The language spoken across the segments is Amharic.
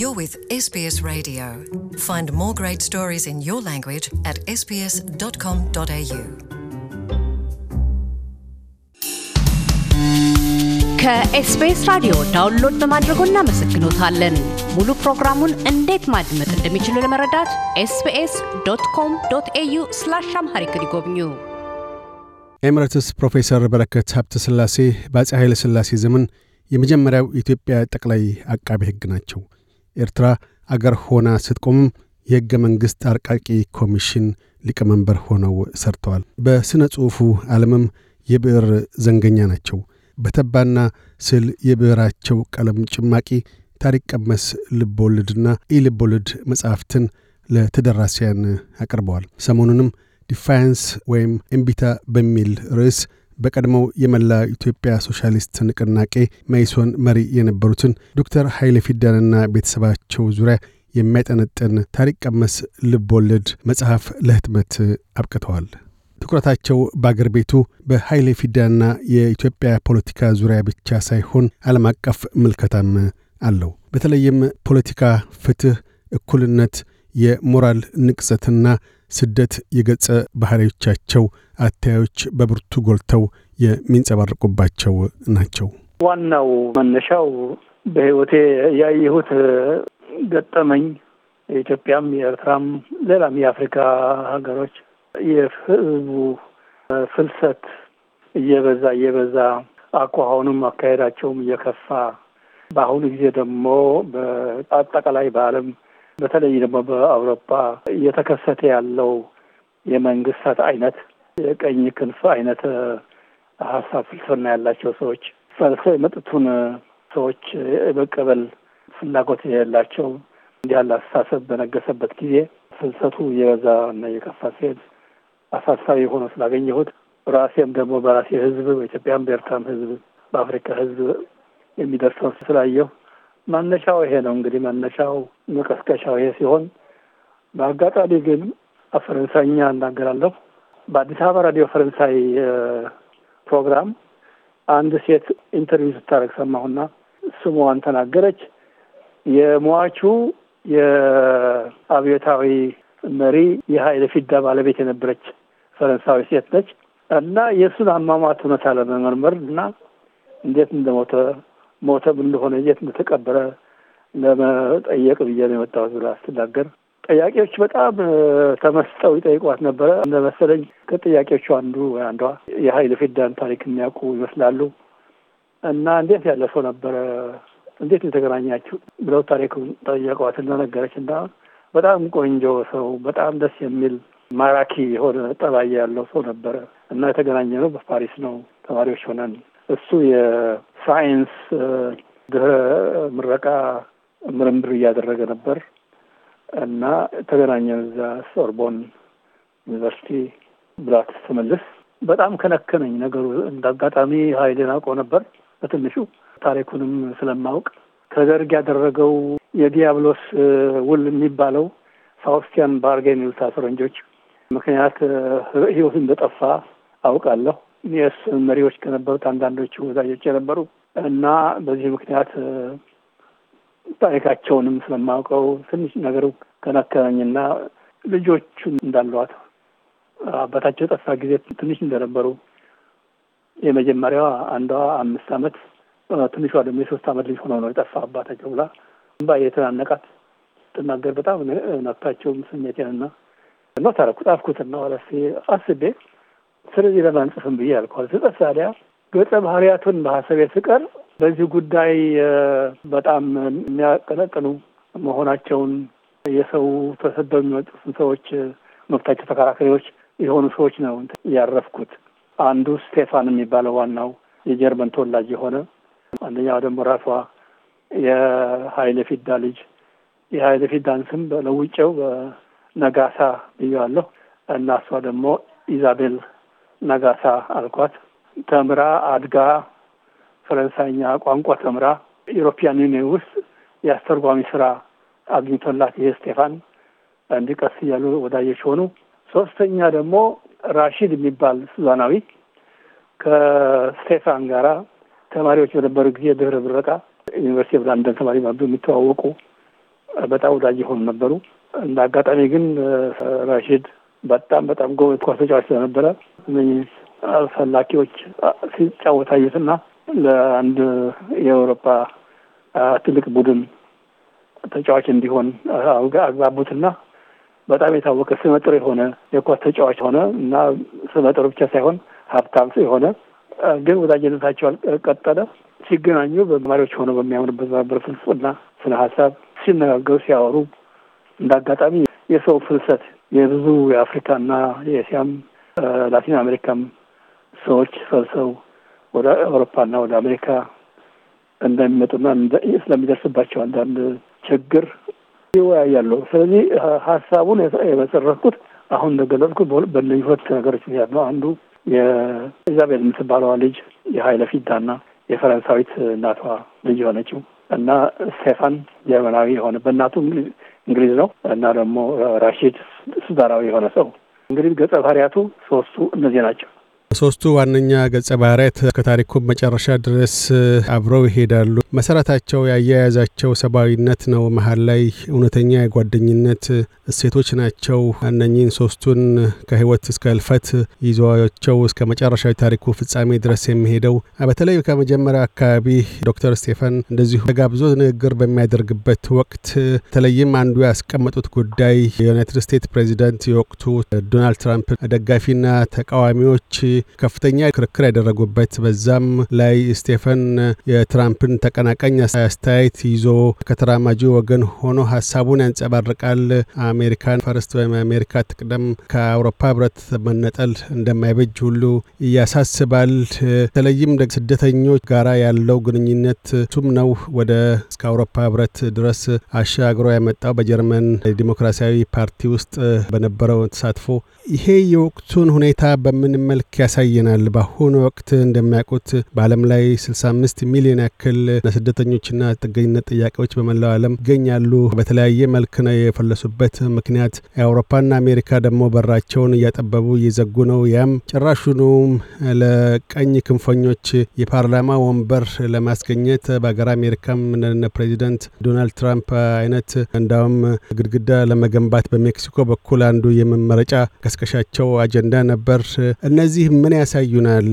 You're with SBS Radio. Find more great stories in your language at sbs.com.au. ከኤስቢኤስ ራዲዮ ዳውንሎድ በማድረጎ እናመሰግኖታለን። ሙሉ ፕሮግራሙን እንዴት ማድመጥ እንደሚችሉ ለመረዳት ኤስቢኤስ ዶት ኮም ዶት ኤዩ ስላሽ አምሃሪክ ይጎብኙ። ኤምሬትስ ፕሮፌሰር በረከት ሀብተ ስላሴ በአፄ ኃይለ ስላሴ ዘመን የመጀመሪያው የኢትዮጵያ ጠቅላይ አቃቤ ሕግ ናቸው። ኤርትራ አገር ሆና ስትቆምም የሕገ መንግሥት አርቃቂ ኮሚሽን ሊቀመንበር ሆነው ሰርተዋል። በሥነ ጽሑፉ ዓለምም የብዕር ዘንገኛ ናቸው። በተባና ስል የብዕራቸው ቀለም ጭማቂ ታሪክ ቀመስ ልቦወለድና ኢልቦወለድ መጻሕፍትን ለተደራሲያን አቅርበዋል። ሰሞኑንም ዲፋያንስ ወይም እምቢታ በሚል ርዕስ በቀድሞው የመላ ኢትዮጵያ ሶሻሊስት ንቅናቄ መይሶን መሪ የነበሩትን ዶክተር ኃይለ ፊዳንና ቤተሰባቸው ዙሪያ የሚያጠነጥን ታሪክ ቀመስ ወለድ መጽሐፍ ለህትመት አብቅተዋል። ትኩረታቸው በአገር ቤቱ በኃይሌ ፊዳና የኢትዮጵያ ፖለቲካ ዙሪያ ብቻ ሳይሆን ዓለም አቀፍ ምልከታም አለው። በተለይም ፖለቲካ፣ ፍትሕ፣ እኩልነት፣ የሞራል ንቅሰትና ስደት የገጸ ባህሪዎቻቸው አታዮች በብርቱ ጎልተው የሚንጸባረቁባቸው ናቸው። ዋናው መነሻው በህይወቴ ያየሁት ገጠመኝ የኢትዮጵያም፣ የኤርትራም፣ ሌላም የአፍሪካ ሀገሮች የህዝቡ ፍልሰት እየበዛ እየበዛ አኳኋኑም አካሄዳቸውም እየከፋ በአሁኑ ጊዜ ደግሞ በአጠቃላይ በዓለም በተለይ ደግሞ በአውሮፓ እየተከሰተ ያለው የመንግስታት አይነት የቀኝ ክንፍ አይነት ሀሳብ ፍልስፍና ያላቸው ሰዎች ፈልሶ የመጡትን ሰዎች የመቀበል ፍላጎት የሌላቸው እንዲህ ያለ አስተሳሰብ በነገሰበት ጊዜ ፍልሰቱ የበዛ እና የከፋ ሲሄድ አሳሳቢ ሆኖ ስላገኘሁት ራሴም ደግሞ በራሴ ህዝብ በኢትዮጵያም በኤርትራም ህዝብ በአፍሪካ ህዝብ የሚደርሰው ስላየሁ መነሻው ይሄ ነው እንግዲህ መነሻው መቀስቀሻው ይሄ ሲሆን በአጋጣሚ ግን ፈረንሳይኛ እናገራለሁ። በአዲስ አበባ ራዲዮ ፈረንሳይ ፕሮግራም አንድ ሴት ኢንተርቪው ስታደርግ ሰማሁና ስሟን ተናገረች። የሟቹ የአብዮታዊ መሪ የሀይለ ፊዳ ባለቤት የነበረች ፈረንሳዊ ሴት ነች እና የእሱን አሟሟት ሁኔታ ለመመርመር እና እንዴት እንደሞተ ሞተ ምን እንደሆነ የት እንደተቀበረ ለመጠየቅ ብዬ ነው የመጣሁት ብላ ስትናገር ጠያቂዎች በጣም ተመስጠው ይጠይቋት ነበረ። እንደ መሰለኝ ከጥያቄዎቹ አንዱ ወይ አንዷ የሀይል ፊዳን ታሪክ የሚያውቁ ይመስላሉ እና እንዴት ያለ ሰው ነበረ፣ እንዴት የተገናኛችሁ ብለው ታሪኩን ጠየቋት እንደነገረች እና በጣም ቆንጆ ሰው፣ በጣም ደስ የሚል ማራኪ የሆነ ጠባይ ያለው ሰው ነበረ እና የተገናኘ ነው በፓሪስ ነው ተማሪዎች ሆነን እሱ የሳይንስ ድህረ ምረቃ ምርምር እያደረገ ነበር እና ተገናኘን እዛ ሶርቦን ዩኒቨርሲቲ ብላት ስትመልስ በጣም ከነከነኝ ነገሩ። አጋጣሚ ኃይሌን አውቆ ነበር በትንሹ ታሪኩንም ስለማውቅ ከደርግ ያደረገው የዲያብሎስ ውል የሚባለው ሳውስቲያን ባርጌን ይሉታል ፈረንጆች ምክንያት ህይወትን በጠፋ አውቃለሁ። ዩኤስ መሪዎች ከነበሩት አንዳንዶቹ ወዛጆች የነበሩ እና በዚህ ምክንያት ታሪካቸውንም ስለማውቀው ትንሽ ነገሩ ከነከረኝና ልጆቹ እንዳሏት አባታቸው ጠፋ ጊዜ ትንሽ እንደነበሩ የመጀመሪያዋ አንዷ አምስት አመት ትንሿ ደግሞ የሶስት አመት ልጅ ሆነው ነው የጠፋ አባታቸው ብላ እንባ የተናነቃት ስትናገር በጣም ነፍታቸውም ስሜቴንና እና ታረኩ ጣፍኩትና ወረሴ አስቤ ስለዚህ ለማንጽፍም ብዬ ያልኳል። ስጠት ታዲያ ገጸ ባህርያቱን በሀሳቤ ስቀር በዚህ ጉዳይ በጣም የሚያቀነቅኑ መሆናቸውን የሰው ተሰደው የሚመጡትን ሰዎች መብታቸው ተከራካሪዎች የሆኑ ሰዎች ነው ያረፍኩት። አንዱ ስቴፋን የሚባለው ዋናው የጀርመን ተወላጅ የሆነ አንደኛው ደግሞ ራሷ የሀይለ ፊዳ ልጅ የሀይለ ፊዳን ስም ለውጬው በነጋሳ ብያለሁ እና እሷ ደግሞ ኢዛቤል ነጋሳ አልኳት። ተምራ አድጋ ፈረንሳይኛ ቋንቋ ተምራ ኢሮፒያን ዩኒየን ውስጥ የአስተርጓሚ ስራ አግኝቶላት ይሄ ስቴፋን እንዲቀስ እያሉ ወዳጆች ሆኑ። ሶስተኛ ደግሞ ራሺድ የሚባል ሱዛናዊ ከስቴፋን ጋራ ተማሪዎች በነበሩ ጊዜ ድህረ ብረቃ ዩኒቨርሲቲ ብላንደን ተማሪ ባሉ የሚተዋወቁ በጣም ወዳጅ የሆኑ ነበሩ። እንደ አጋጣሚ ግን ራሺድ በጣም በጣም ጎበዝ ኳስ ተጫዋች ስለነበረ እነዚህ ፈላኪዎች ሲጫወት አየትና ለአንድ የአውሮፓ ትልቅ ቡድን ተጫዋች እንዲሆን አግባቡትና በጣም የታወቀ ስመጥር የሆነ የኳስ ተጫዋች ሆነ እና ስመጥር ብቻ ሳይሆን ሀብታም የሆነ ግን ወዳጅነታቸው አልቀጠለ። ሲገናኙ በመሪዎች ሆነው በሚያምኑበት በፍልስፍና ስነ ሀሳብ ሲነጋገሩ ሲያወሩ እንደ አጋጣሚ የሰው ፍልሰት የብዙ የአፍሪካና የእስያም ላቲን አሜሪካም ሰዎች ሰብሰው ወደ አውሮፓና ወደ አሜሪካ እንደሚመጡና ስለሚደርስባቸው አንዳንድ ችግር ይወያያሉ። ስለዚህ ሀሳቡን የመሰረትኩት አሁን እንደገለጽኩት በእነዚህ ሁለት ነገሮች ምክንያት ነው። አንዱ የኢዛቤል የምትባለዋ ልጅ የሀይለ ፊዳና የፈረንሳዊት እናቷ ልጅ የሆነችው እና ስቴፋን ጀርመናዊ የሆነ በእናቱ እንግሊዝ ነው እና ደግሞ ራሺድ ሱዳናዊ የሆነ ሰው እንግዲህ ገጸ ባህሪያቱ ሶስቱ እነዚህ ናቸው። ሶስቱ ዋነኛ ገጸ ባህሪያት ከታሪኩም መጨረሻ ድረስ አብረው ይሄዳሉ። መሰረታቸው ያያያዛቸው ሰብአዊነት ነው። መሀል ላይ እውነተኛ የጓደኝነት እሴቶች ናቸው። እነኚህን ሶስቱን ከህይወት እስከ እልፈት ይዟቸው እስከ መጨረሻዊ ታሪኩ ፍጻሜ ድረስ የሚሄደው በተለይ ከመጀመሪያ አካባቢ ዶክተር ስቴፈን እንደዚሁ ተጋብዞ ንግግር በሚያደርግበት ወቅት በተለይም አንዱ ያስቀመጡት ጉዳይ የዩናይትድ ስቴትስ ፕሬዚደንት የወቅቱ ዶናልድ ትራምፕ ደጋፊና ተቃዋሚዎች ከፍተኛ ክርክር ያደረጉበት በዛም ላይ ስቴፈን የትራምፕን ተቀናቃኝ አስተያየት ይዞ ከተራማጁ ወገን ሆኖ ሀሳቡን ያንጸባርቃል። አሜሪካን ፈርስት ወይም አሜሪካ ትቅደም ከአውሮፓ ህብረት መነጠል እንደማይበጅ ሁሉ ያሳስባል። በተለይም ስደተኞች ጋራ ያለው ግንኙነት ሱም ነው ወደ እስከ አውሮፓ ህብረት ድረስ አሻግሮ ያመጣው በጀርመን ዲሞክራሲያዊ ፓርቲ ውስጥ በነበረው ተሳትፎ ይሄ የወቅቱን ሁኔታ በምን መልክ ያሳየናል። በአሁኑ ወቅት እንደሚያውቁት በዓለም ላይ 65 ሚሊዮን ያክል ስደተኞችና ጥገኝነት ጥያቄዎች በመላው ዓለም ይገኛሉ። በተለያየ መልክ ነው የፈለሱበት ምክንያት። አውሮፓና አሜሪካ ደግሞ በራቸውን እያጠበቡ እየዘጉ ነው። ያም ጭራሹኑም ለቀኝ ክንፈኞች የፓርላማ ወንበር ለማስገኘት በሀገር አሜሪካም እንደነ ፕሬዚደንት ዶናልድ ትራምፕ አይነት እንዳውም ግድግዳ ለመገንባት በሜክሲኮ በኩል አንዱ የመመረጫ ቀስቀሻቸው አጀንዳ ነበር። እነዚህ ምን ያሳዩናል?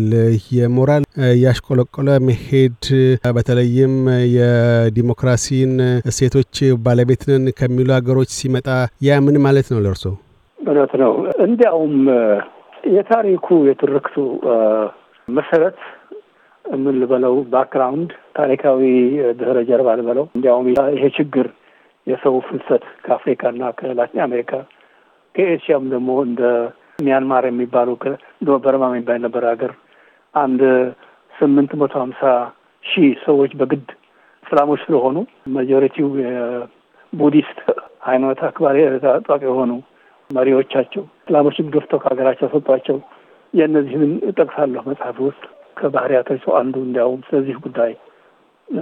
የሞራል ያሽቆለቆለ መሄድ በተለይም የዲሞክራሲን እሴቶች ባለቤትንን ከሚሉ ሀገሮች ሲመጣ ያ ምን ማለት ነው ለእርሶ? እውነት ነው። እንዲያውም የታሪኩ የትርክቱ መሰረት ምን ልበለው፣ ባክግራውንድ ታሪካዊ ድህረ ጀርባ ልበለው። እንዲያውም ይሄ ችግር የሰው ፍልሰት ከአፍሪካና ከላቲን አሜሪካ ከኤሽያም ደግሞ እንደ ሚያንማር የሚባሉ በርማ የሚባል ነበር ሀገር አንድ ስምንት መቶ ሀምሳ ሺህ ሰዎች በግድ እስላሞች ስለሆኑ ማጆሪቲው ቡዲስት ሃይማኖት አክባሪ ጣቂ የሆኑ መሪዎቻቸው እስላሞችን ገፍተው ከሀገራቸው ሰጧቸው። የእነዚህን እጠቅሳለሁ መጽሐፍ ውስጥ ከባህሪያታቸው አንዱ እንዲያውም ስለዚህ ጉዳይ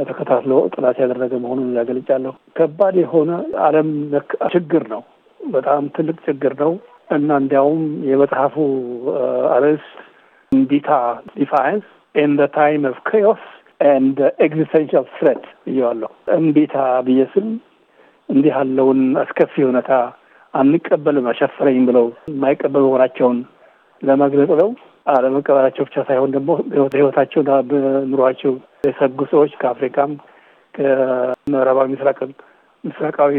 ተከታትሎ ጥናት ያደረገ መሆኑን ያገልጫለሁ። ከባድ የሆነ ዓለም ችግር ነው። በጣም ትልቅ ችግር ነው። እና እንዲያውም የመጽሐፉ አርዕስት እንዲታ ዲፋይንስ ኢን ዘ ታይም ኦፍ ኬዮስ ኤንድ ኤግዚስቴንሽል ትሬት ብየዋለሁ። እንቢታ ብዬ ስል እንዲህ ያለውን አስከፊ ሁኔታ አንቀበልም አሸፈረኝ ብለው የማይቀበል መሆናቸውን ለመግለጽ ነው። አለመቀበላቸው ብቻ ሳይሆን ደግሞ በሕይወታቸውና በኑሯቸው የሰጉ ሰዎች ከአፍሪካም ከምዕራባዊ ምስራቅ ምስራቃዊ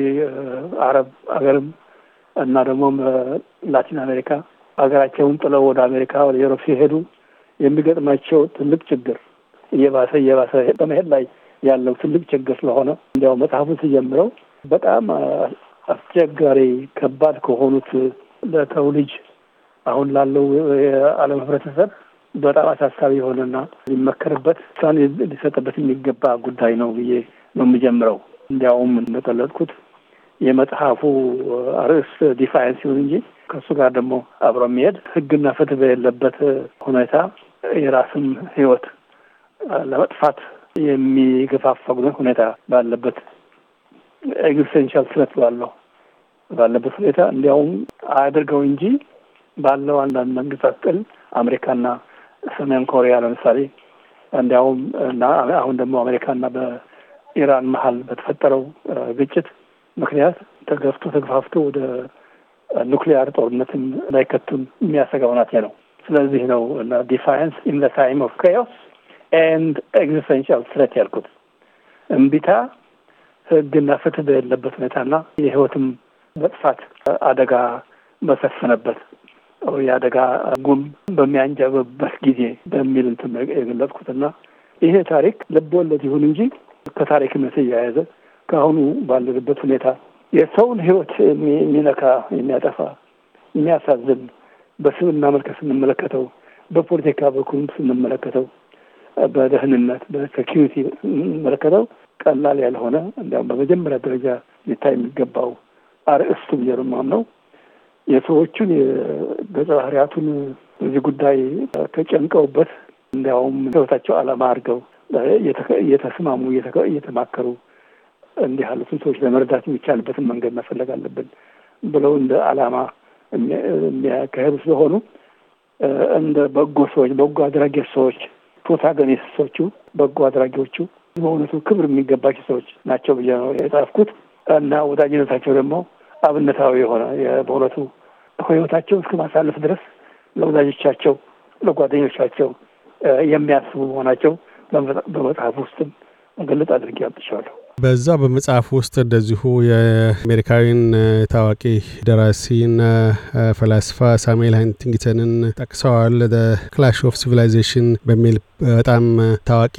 አረብ ሀገርም እና ደግሞም ላቲን አሜሪካ ሀገራቸውን ጥለው ወደ አሜሪካ ወደ ዩሮፕ ሲሄዱ የሚገጥማቸው ትልቅ ችግር እየባሰ እየባሰ በመሄድ ላይ ያለው ትልቅ ችግር ስለሆነ እንዲያው መጽሐፉን ስጀምረው በጣም አስቸጋሪ ከባድ ከሆኑት ለተው ልጅ አሁን ላለው የዓለም ህብረተሰብ በጣም አሳሳቢ የሆነና ሊመከርበት ውሳኔ ሊሰጥበት የሚገባ ጉዳይ ነው ብዬ ነው የምጀምረው። እንዲያውም እንደጠለጥኩት የመጽሐፉ ርዕስ ዲፋይንስ ይሁን እንጂ ከእሱ ጋር ደግሞ አብሮ የሚሄድ ህግና ፍትህ በሌለበት ሁኔታ የራስን ህይወት ለመጥፋት የሚገፋፈጉን ሁኔታ ባለበት ኤግዚስቴንሻል ስለት ባለው ባለበት ሁኔታ እንዲያውም አያደርገው እንጂ ባለው አንዳንድ መንግስታት ጥል አሜሪካና ሰሜን ኮሪያ ለምሳሌ እንዲያውም እና አሁን ደግሞ አሜሪካና በኢራን መሀል በተፈጠረው ግጭት ምክንያት ተገፍቶ ተግፋፍቶ ወደ ኑክሊያር ጦርነትን እንዳይከቱም የሚያሰጋ እውነቴ ነው። ስለዚህ ነው እና ዲፋይንስ ኢን ታይም ኦፍ ኬዮስ ኤንድ ኤግዚስቴንሽል ስረት ያልኩት እምቢታ ህግና ፍትህ በሌለበት ሁኔታና የህይወትም መጥፋት አደጋ በሰፈነበት የአደጋ ጉም በሚያንጃበበት ጊዜ በሚል እንትን የገለጽኩትና ይሄ ታሪክ ልብ ወለድ ይሁን እንጂ ከታሪክነት እያያዘ ከአሁኑ ባለንበት ሁኔታ የሰውን ህይወት የሚነካ የሚያጠፋ የሚያሳዝን በስምና መልክ ስንመለከተው፣ በፖለቲካ በኩል ስንመለከተው፣ በደህንነት በሴኪሪቲ ስንመለከተው ቀላል ያልሆነ እንዲያውም በመጀመሪያ ደረጃ ሊታይ የሚገባው አርእስቱ ብዬ ነው የማምነው የሰዎቹን የገጸ ባህርያቱን እዚህ ጉዳይ ተጨንቀውበት እንዲያውም ህይወታቸው አላማ አድርገው እየተስማሙ እየተማከሩ እንዲህ ያሉትን ሰዎች ለመርዳት የሚቻልበትን መንገድ መፈለግ አለብን ብለው እንደ ዓላማ የሚያካሄዱ ስለሆኑ እንደ በጎ ሰዎች፣ በጎ አድራጊ ሰዎች፣ ፕሮታጎኒስቶቹ በጎ አድራጊዎቹ በእውነቱ ክብር የሚገባቸው ሰዎች ናቸው ብዬ ነው የጻፍኩት እና ወዳጅነታቸው ደግሞ አብነታዊ የሆነ በእውነቱ ሕይወታቸው እስከ ማሳለፍ ድረስ ለወዳጆቻቸው ለጓደኞቻቸው የሚያስቡ መሆናቸው በመጽሐፍ ውስጥም ግልጽ አድርጌ አምጥቼዋለሁ። በዛ በመጽሐፍ ውስጥ እንደዚሁ የአሜሪካዊን ታዋቂ ደራሲና ፈላስፋ ሳሙኤል ሃንቲንግተንን ጠቅሰዋል። ክላሽ ኦፍ ሲቪላይዜሽን በሚል በጣም ታዋቂ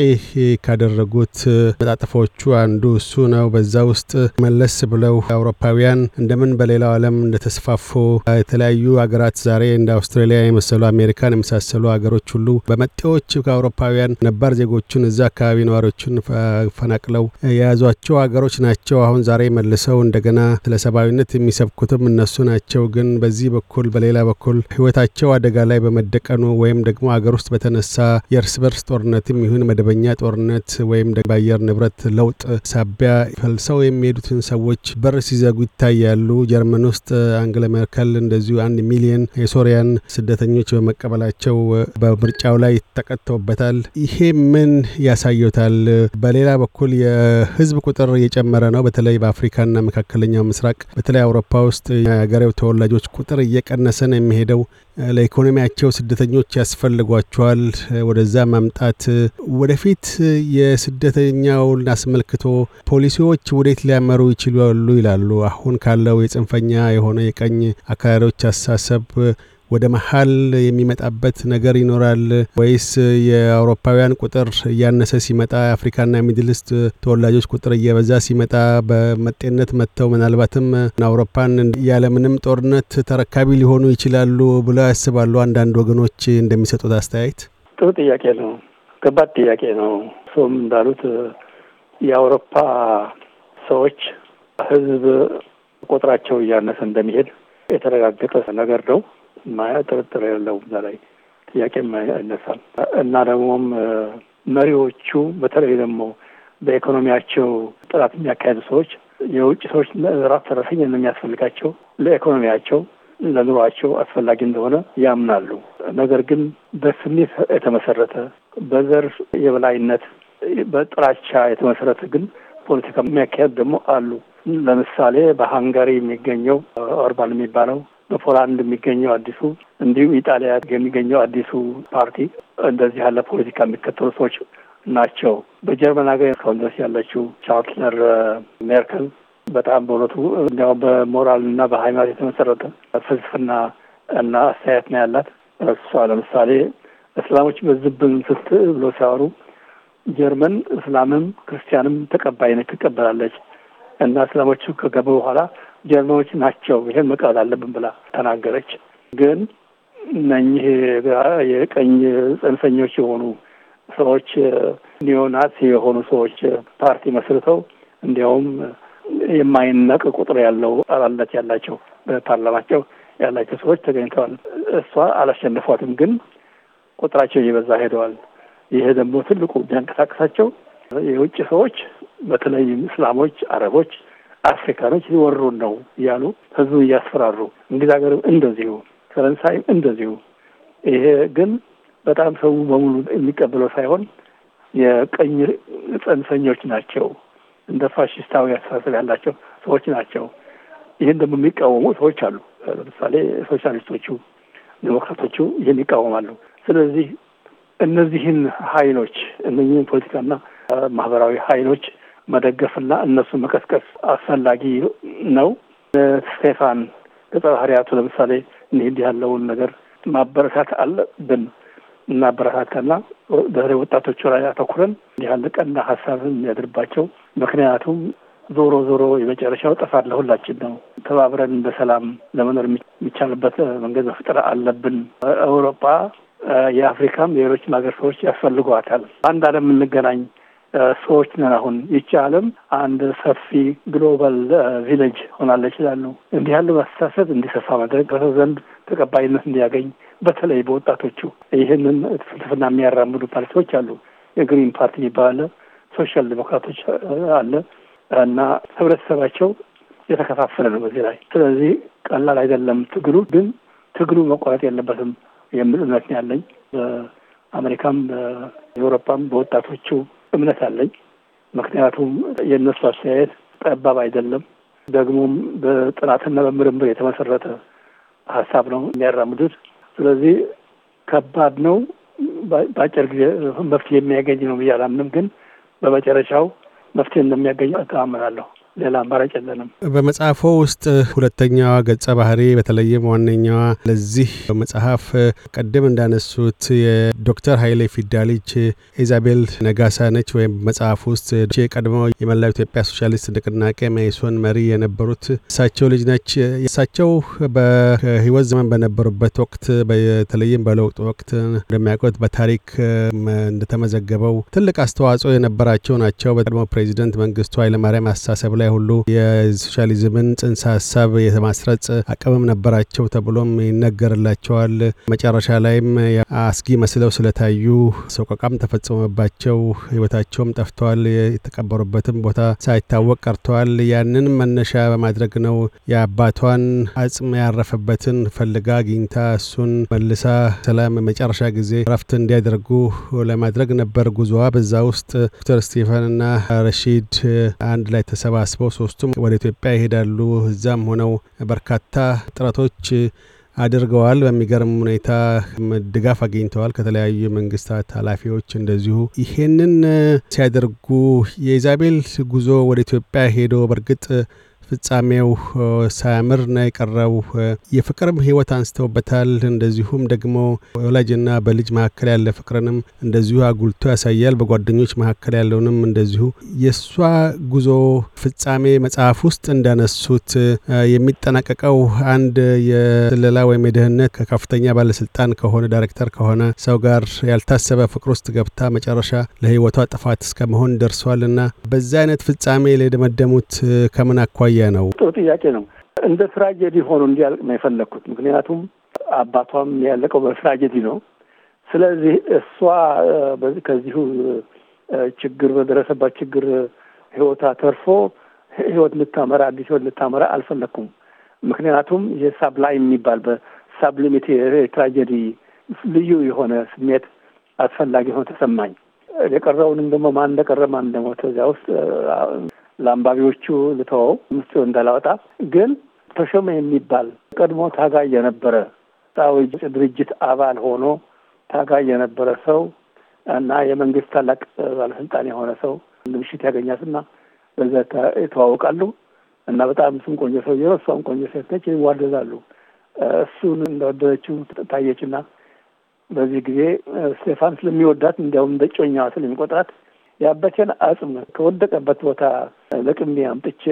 ካደረጉት መጣጥፎቹ አንዱ እሱ ነው። በዛ ውስጥ መለስ ብለው አውሮፓውያን እንደምን በሌላው ዓለም እንደተስፋፉ የተለያዩ አገራት ዛሬ እንደ አውስትራሊያ የመሰሉ አሜሪካን የመሳሰሉ ሀገሮች ሁሉ በመጤዎች ከአውሮፓውያን ነባር ዜጎቹን እዛ አካባቢ ነዋሪዎችን ፈናቅለው የያዙ ያዟቸው አገሮች ናቸው። አሁን ዛሬ መልሰው እንደገና ስለ ሰብአዊነት የሚሰብኩትም እነሱ ናቸው። ግን በዚህ በኩል በሌላ በኩል ህይወታቸው አደጋ ላይ በመደቀኑ ወይም ደግሞ አገር ውስጥ በተነሳ የእርስ በርስ ጦርነትም ይሁን መደበኛ ጦርነት ወይም ደግሞ በአየር ንብረት ለውጥ ሳቢያ ፈልሰው የሚሄዱትን ሰዎች በር ሲዘጉ ይታያሉ። ጀርመን ውስጥ አንግላ ሜርከል እንደዚሁ አንድ ሚሊየን የሶሪያን ስደተኞች በመቀበላቸው በምርጫው ላይ ተቀጥተውበታል። ይሄ ምን ያሳዩታል? በሌላ በኩል የህዝብ የህዝብ ቁጥር እየጨመረ ነው። በተለይ በአፍሪካና መካከለኛው ምስራቅ በተለይ አውሮፓ ውስጥ የሀገሬው ተወላጆች ቁጥር እየቀነሰ ነው የሚሄደው። ለኢኮኖሚያቸው ስደተኞች ያስፈልጓቸዋል። ወደዛ ማምጣት ወደፊት የስደተኛውን አስመልክቶ ፖሊሲዎች ወዴት ሊያመሩ ይችላሉ ይላሉ። አሁን ካለው የጽንፈኛ የሆነ የቀኝ አካባቢዎች አሳሰብ ወደ መሀል የሚመጣበት ነገር ይኖራል ወይስ የአውሮፓውያን ቁጥር እያነሰ ሲመጣ የአፍሪካና የሚድልስት ተወላጆች ቁጥር እየበዛ ሲመጣ በመጤነት መጥተው ምናልባትም አውሮፓን ያለምንም ጦርነት ተረካቢ ሊሆኑ ይችላሉ ብለው ያስባሉ አንዳንድ ወገኖች እንደሚሰጡት አስተያየት? ጥሩ ጥያቄ ነው። ከባድ ጥያቄ ነው። ሶም እንዳሉት የአውሮፓ ሰዎች ህዝብ ቁጥራቸው እያነሰ እንደሚሄድ የተረጋገጠ ነገር ነው። ማያ ጥርጥር ያለው እዛ ላይ ጥያቄ ይነሳል። እና ደግሞም መሪዎቹ በተለይ ደግሞ በኢኮኖሚያቸው ጥራት የሚያካሄዱ ሰዎች የውጭ ሰዎች ራት ሰራተኛ የሚያስፈልጋቸው ለኢኮኖሚያቸው ለኑሯቸው አስፈላጊ እንደሆነ ያምናሉ። ነገር ግን በስሜት የተመሰረተ በዘር የበላይነት በጥላቻ የተመሰረተ ግን ፖለቲካ የሚያካሄድ ደግሞ አሉ። ለምሳሌ በሀንጋሪ የሚገኘው ኦርባን የሚባለው በፖላንድ የሚገኘው አዲሱ እንዲሁም ኢጣሊያ የሚገኘው አዲሱ ፓርቲ እንደዚህ ያለ ፖለቲካ የሚከተሉ ሰዎች ናቸው። በጀርመን ሀገር እስካሁን ድረስ ያለችው ቻንስለር ሜርከል በጣም በእውነቱ እንዲያውም በሞራል እና በሃይማኖት የተመሰረተ ፍልስፍና እና አስተያየት ነው ያላት። እሷ ለምሳሌ እስላሞች በዝብን ስት ብሎ ሲያወሩ ጀርመን እስላምም ክርስቲያንም ተቀባይነት ትቀበላለች እና እስላሞቹ ከገቡ በኋላ ጀርመኖች ናቸው ይሄን መቃል አለብን ብላ ተናገረች። ግን እነኚህ የቀኝ ጽንፈኞች የሆኑ ሰዎች ኒዮናት የሆኑ ሰዎች ፓርቲ መስርተው እንዲያውም የማይነቅ ቁጥር ያለው አባላት ያላቸው በፓርላማቸው ያላቸው ሰዎች ተገኝተዋል። እሷ አላሸነፏትም፣ ግን ቁጥራቸው እየበዛ ሄደዋል። ይሄ ደግሞ ትልቁ የሚያንቀሳቀሳቸው የውጭ ሰዎች በተለይም እስላሞች፣ አረቦች አፍሪካኖች ሊወሩን ነው እያሉ ህዝቡ እያስፈራሩ፣ እንግሊዝ ሀገርም እንደዚሁ፣ ፈረንሳይም እንደዚሁ። ይሄ ግን በጣም ሰው በሙሉ የሚቀበለው ሳይሆን የቀኝ ጽንፈኞች ናቸው፣ እንደ ፋሽስታዊ አስተሳሰብ ያላቸው ሰዎች ናቸው። ይህን ደግሞ የሚቃወሙ ሰዎች አሉ። ለምሳሌ ሶሻሊስቶቹ፣ ዴሞክራቶቹ ይህን ይቃወማሉ። ስለዚህ እነዚህን ሀይሎች እነዚህን ፖለቲካና ማህበራዊ ሀይሎች መደገፍና እነሱ መቀስቀስ አስፈላጊ ነው። ስቴፋን ገጸ ባህርያቱ ለምሳሌ እንዲህ እንዲህ ያለውን ነገር ማበረታት አለብን። እናበረታታና በተለይ ወጣቶቹ ላይ አተኩረን እንዲህ ያለ ቀና ሀሳብ የሚያድርባቸው ምክንያቱም ዞሮ ዞሮ የመጨረሻው ጠፋት ለሁላችን ነው። ተባብረን በሰላም ለመኖር የሚቻልበት መንገድ መፍጠር አለብን። አውሮፓ የአፍሪካም የሌሎችም ሀገር ሰዎች ያስፈልገዋታል። አንድ ዓለም እንገናኝ ሰዎች ነን። አሁን ይቺ ዓለም አንድ ሰፊ ግሎባል ቪሌጅ ሆናለች ይላሉ። እንዲህ ያለ አስተሳሰብ እንዲሰፋ ማድረግ በሰው ዘንድ ተቀባይነት እንዲያገኝ በተለይ በወጣቶቹ ይህንን ፍልስፍና የሚያራምዱ ፓርቲዎች አሉ። የግሪን ፓርቲ የሚባል ሶሻል ዲሞክራቶች አለ እና ህብረተሰባቸው የተከፋፈለ ነው በዚህ ላይ። ስለዚህ ቀላል አይደለም ትግሉ፣ ግን ትግሉ መቋረጥ የለበትም የሚል እምነት ያለኝ። በአሜሪካም በአውሮፓም በወጣቶቹ እምነት አለኝ። ምክንያቱም የእነሱ አስተያየት ጠባብ አይደለም፣ ደግሞም በጥናትና በምርምር የተመሰረተ ሀሳብ ነው የሚያራምዱት። ስለዚህ ከባድ ነው፣ በአጭር ጊዜ መፍትሄ የሚያገኝ ነው ብዬ አላምንም፣ ግን በመጨረሻው መፍትሄ እንደሚያገኝ እተማመናለሁ። ሌላ አማራጭ የለንም። በመጽሐፎ ውስጥ ሁለተኛዋ ገጸ ባህሪ በተለይም ዋነኛዋ ለዚህ መጽሐፍ ቀደም እንዳነሱት የዶክተር ኃይሌ ፊዳ ልጅ ኢዛቤል ነጋሳ ነች። ወይም መጽሐፍ ውስጥ የቀድሞ የመላው ኢትዮጵያ ሶሻሊስት ንቅናቄ መኢሶን መሪ የነበሩት እሳቸው ልጅ ነች። እሳቸው በህይወት ዘመን በነበሩበት ወቅት በተለይም በለውጥ ወቅት እንደሚያውቁት በታሪክ እንደተመዘገበው ትልቅ አስተዋጽኦ የነበራቸው ናቸው። በቀድሞ ፕሬዚደንት መንግስቱ ኃይለማርያም አስተሳሰብ ላይ ሁሉ የሶሻሊዝምን ጽንሰ ሀሳብ የማስረጽ አቅምም ነበራቸው ተብሎም ይነገርላቸዋል። መጨረሻ ላይም አስጊ መስለው ስለታዩ ሰቆቃም ተፈጽሞባቸው ህይወታቸውም ጠፍተዋል። የተቀበሩበትም ቦታ ሳይታወቅ ቀርተዋል። ያንን መነሻ በማድረግ ነው የአባቷን አጽም ያረፈበትን ፈልጋ አግኝታ እሱን መልሳ ሰላም መጨረሻ ጊዜ ረፍት እንዲያደርጉ ለማድረግ ነበር ጉዞዋ። በዛ ውስጥ ዶክተር ስቴፋንና ረሺድ አንድ ላይ ተሰባ። ተሰባስበው ሶስቱም ወደ ኢትዮጵያ ይሄዳሉ። እዛም ሆነው በርካታ ጥረቶች አድርገዋል። በሚገርም ሁኔታ ድጋፍ አግኝተዋል ከተለያዩ የመንግስታት ኃላፊዎች እንደዚሁ። ይሄንን ሲያደርጉ የኢዛቤል ጉዞ ወደ ኢትዮጵያ ሄዶ በእርግጥ ፍጻሜው ሳያምር ነው የቀረው። የፍቅርም ህይወት አንስተውበታል። እንደዚሁም ደግሞ ወላጅና በልጅ መካከል ያለ ፍቅርንም እንደዚሁ አጉልቶ ያሳያል። በጓደኞች መካከል ያለውንም እንደዚሁ የእሷ ጉዞ ፍጻሜ መጽሐፍ ውስጥ እንዳነሱት የሚጠናቀቀው አንድ የስለላ ወይም የደህንነት ከከፍተኛ ባለስልጣን ከሆነ ዳይሬክተር ከሆነ ሰው ጋር ያልታሰበ ፍቅር ውስጥ ገብታ መጨረሻ ለህይወቷ ጥፋት እስከመሆን ደርሷል እና በዛ አይነት ፍጻሜ ለደመደሙት ከምን አኳያ የተለየ ነው? ጥሩ ጥያቄ ነው። እንደ ትራጀዲ ሆኖ እንዲያልቅ ነው የፈለግኩት። ምክንያቱም አባቷም ያለቀው በትራጀዲ ነው። ስለዚህ እሷ ከዚሁ ችግር በደረሰባት ችግር ህይወቷ ተርፎ ህይወት ልታመራ አዲስ ህይወት ልታመራ አልፈለግኩም። ምክንያቱም የሳብላይ የሚባል በሳብሊሚት የትራጀዲ ልዩ የሆነ ስሜት አስፈላጊ ሆነ ተሰማኝ። የቀረውንም ደግሞ ማን እንደቀረ ማን እንደሞተ እዚያ ውስጥ ለአንባቢዎቹ ልተወው ምስጢሩ እንዳላወጣ። ግን ተሾመ የሚባል ቀድሞ ታጋይ የነበረ ጣዊ ድርጅት አባል ሆኖ ታጋይ የነበረ ሰው እና የመንግስት ታላቅ ባለስልጣን የሆነ ሰው ምሽት ያገኛት ያገኛትና በዛ ይተዋወቃሉ እና በጣም ስም ቆንጆ ሰው ነው፣ እሷም ቆንጆ ሴት ነች፣ ይዋደዛሉ። እሱን እንደወደደችው ታየችና በዚህ ጊዜ ስቴፋን ስለሚወዳት እንዲያውም እንደ ጮኛዋ ስለሚቆጥራት የአባቴን አጽም ከወደቀበት ቦታ ለቅሜ አምጥቼ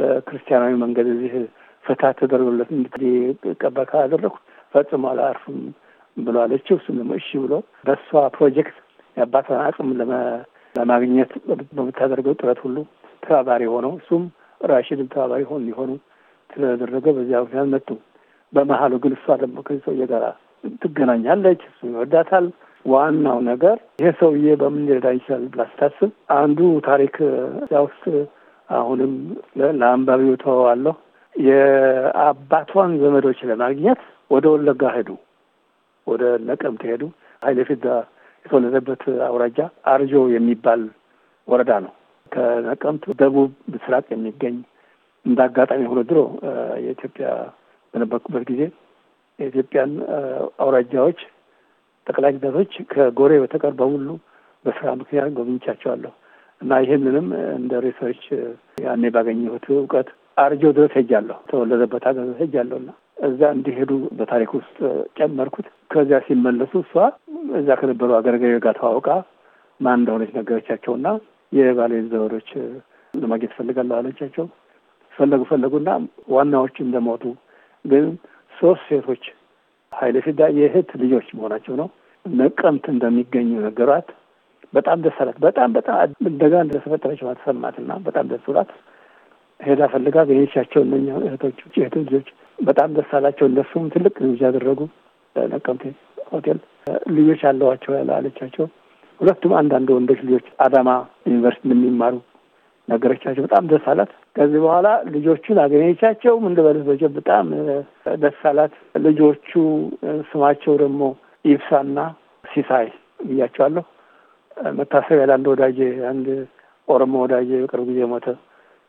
በክርስቲያናዊ መንገድ እዚህ ፈታ ተደርጎለት እንዲቀባ ካላደረኩ ፈጽሞ አላርፍም ብሎ አለችው። እሱም ደግሞ እሺ ብሎ በእሷ ፕሮጀክት የአባቷን አጽም ለማግኘት በምታደርገው ጥረት ሁሉ ተባባሪ ሆነው እሱም ራሽድም ተባባሪ ሆን ሊሆኑ ስለደረገ በዚያ ምክንያት መጡ። በመሀሉ ግን እሷ ደግሞ ከዚህ ሰውዬ ጋር ትገናኛለች፣ እሱ ይወዳታል። ዋናው ነገር ይሄ ሰውዬ በምን ሊረዳ ይችላል ብላ አንዱ ታሪክ እዚያ ውስጥ አሁንም ለአንባቢው ተዋዋለሁ። የአባቷን ዘመዶች ለማግኘት ወደ ወለጋ ሄዱ፣ ወደ ነቀምት ሄዱ። ሀይለፊዳ የተወለደበት አውራጃ አርጆ የሚባል ወረዳ ነው። ከነቀምት ደቡብ ምስራቅ የሚገኝ እንደ አጋጣሚ ሆኖ ድሮ የኢትዮጵያ በነበርኩበት ጊዜ የኢትዮጵያን አውራጃዎች ጠቅላይ ግዛቶች ከጎሬ በተቀር በሙሉ በስራ ምክንያት ጎብኝቻቸዋለሁ እና ይህንንም እንደ ሪሰርች ያኔ ባገኘሁት እውቀት አርጆ ድረስ ሄጃለሁ። ተወለደበት ሀገር ድረስ ሄጃለሁ እና እዛ እንዲሄዱ በታሪክ ውስጥ ጨመርኩት። ከዚያ ሲመለሱ እሷ እዛ ከነበሩ አገረ ገቢ ጋር ተዋውቃ ማን እንደሆነች እና የባሌ ዘወሮች ለማግኘት ፈልጋለሁ አለቻቸው። ፈለጉ ፈለጉና ዋናዎች እንደሞቱ ግን ሶስት ሴቶች ኃይለ ሲዳ የእህት ልጆች መሆናቸው ነው። ነቀምት እንደሚገኙ ነገሯት። በጣም ደስ አላት። በጣም በጣም እንደገና እንደተፈጠረች ተሰማትና በጣም ደስ ብላት ሄዳ ፈልጋ ገኘቻቸው። እነኛ እህቶች እህት ልጆች በጣም ደስ አላቸው። እነሱም ትልቅ ግብዣ አደረጉ። ነቀምቴ ሆቴል ልጆች አለዋቸው ያለ አለቻቸው። ሁለቱም አንዳንድ ወንዶች ልጆች አዳማ ዩኒቨርሲቲ እንደሚማሩ ነገረቻቸው። በጣም ደስ አላት። ከዚህ በኋላ ልጆቹን አገኘቻቸው ምን ልበልህ በጀብ በጣም ደስ አላት። ልጆቹ ስማቸው ደግሞ ኢብሳና ሲሳይ ብያቸዋለሁ። መታሰቢያ ለአንድ ወዳጄ አንድ ኦሮሞ ወዳጄ በቅርብ ጊዜ ሞተ።